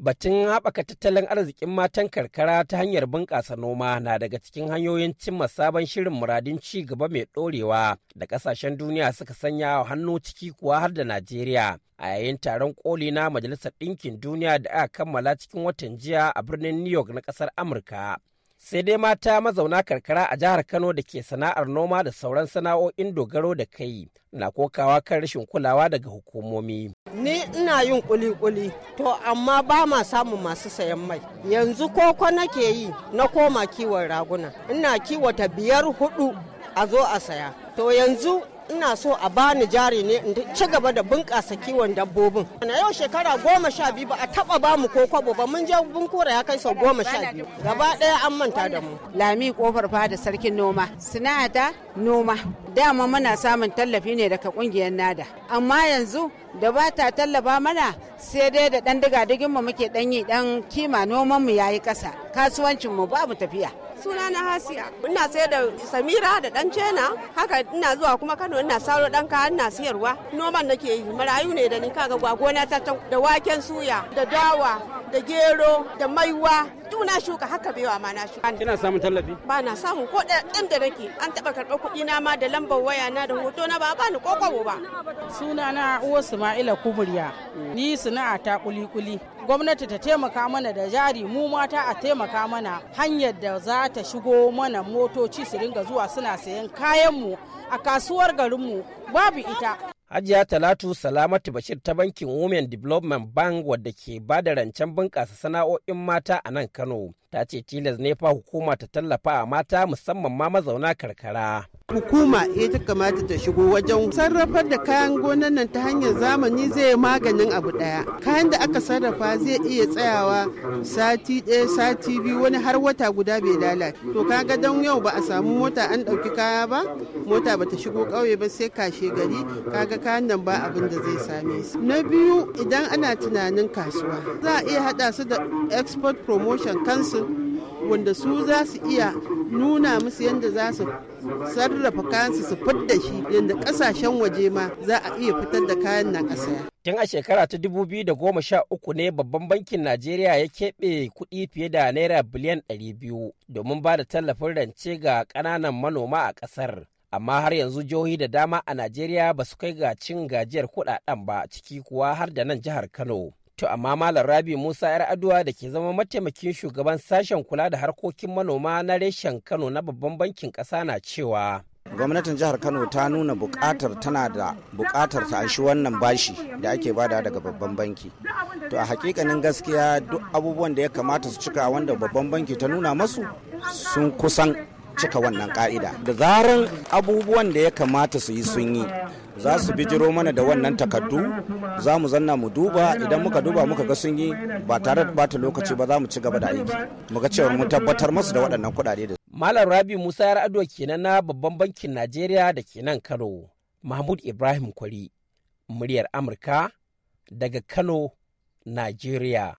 Batun haɓaka tattalin arzikin matan karkara ta hanyar bunƙasa noma na daga cikin hanyoyin cimma sabon shirin muradin ci gaba mai ɗorewa da ƙasashen duniya suka sanya wa hannu ciki kuwa har da Najeriya. A yayin taron koli na Majalisar Ɗinkin Duniya da aka kammala cikin watan jiya a birnin New York na ƙasar Amurka. sai dai mata mazauna karkara a jihar Kano da ke sana'ar noma da sauran sana'o'in dogaro da kai na kokawa kan rashin kulawa daga hukumomi. Ni ina yin kuli-kuli to amma ba ma samun masu sayan mai. Yanzu koko nake yi na koma kiwon raguna. Ina kiwata biyar hudu a zo a saya. To yanzu ina so a bani jari ne in ci gaba da bunƙasa kiwon dabbobin na yau shekara goma sha biyu ba a taɓa ba mu ko kwabo ba mun je bunkura ya kai sau goma sha biyu gaba ɗaya an manta da mu lami kofar fada sarkin noma sinata noma dama muna samun tallafi ne daga ƙungiyar nada amma yanzu da ba ta tallafa mana sai dai da ɗan diga digin mu muke yi ɗan kima noman mu yayi ƙasa kasuwancin mu babu tafiya suna na hasiya ina sayar da samira da dan cena haka ina zuwa kuma kano ina saro dan ka ina siyarwa noman nake yi marayu ne da ni kaga gwagona ta da waken suya da dawa da gero da maiwa su na shuka haka baiwa ma na shuka. Kina samun tallafi? Ba na samu ko ɗan da nake an taɓa karɓa kuɗi na ma da lambar waya na da hoto na ba bani ko kwabo ba. Suna na Uwa Sumaila kumurya mm. Ni sana'a ta kuli-kuli. gwamnati ta taimaka mana da jari mu mata a taimaka mana hanyar da za ta shigo mana motoci su ringa zuwa suna sayan kayanmu a kasuwar garinmu babu ita Hajiya Talatu Salamatu Bashir ta bankin Women Development Bank wadda ke ba da rancen bunƙasa sana'o'in mata a nan Kano ta ce tilas ne fa hukuma ta tallafa a mata musamman ma mazauna karkara. hukuma ita kamata ta shigo wajen sarrafar da kayan gonan nan ta hanyar zamani zai maganin abu daya kayan da aka sarrafa zai iya tsayawa sati ɗaya sati biyu wani har wata guda bai lalace to kaga don yau ba a samu mota an ɗauki kaya ba mota bata shigo ƙauye ba sai kashe gari kaga kayan nan ba abin da zai same su na biyu idan ana tunanin kasuwa za a iya haɗa su da export promotion council wanda su za su iya nuna musu yadda za su sarrafa kayan su da shi yadda kasashen waje ma za a iya fitar da kayan nan a Tun a shekara ta dubu biyu da goma sha uku ne babban bankin Najeriya ya keɓe kuɗi fiye da naira biliyan ɗari biyu domin ba da tallafin rance ga ƙananan manoma a ƙasar. Amma har yanzu jihohi da dama a Najeriya ba su kai ga cin gajiyar kuɗaɗen ba ciki kuwa har da nan jihar Kano. To amma Malam Rabi Musa 'yar aduwa da ke zama mataimakin shugaban sashen kula da harkokin manoma na reshen Kano na babban bankin ƙasa na cewa. gwamnatin jihar kano ta nuna bukatar tana da bukatar ta anshi wannan bashi da ake bada daga babban banki to a hakikanin gaskiya duk abubuwan da ya kamata su cika wanda babban banki ta nuna masu sun kusan cika wannan ka'ida da zaran abubuwan da ya kamata su yi sun yi za su bijiro mana da wannan takardu za mu zanna mu duba idan muka duba muka ga sun yi ba tare da bata lokaci ba za mu ci gaba da aiki muga cewa mu tabbatar musu da waɗannan kuɗaɗe da Malam Rabi Musa ya ado kenan na babban bankin Najeriya da ke nan Kano Mahmud Ibrahim Kwari muryar Amurka daga Kano Najeriya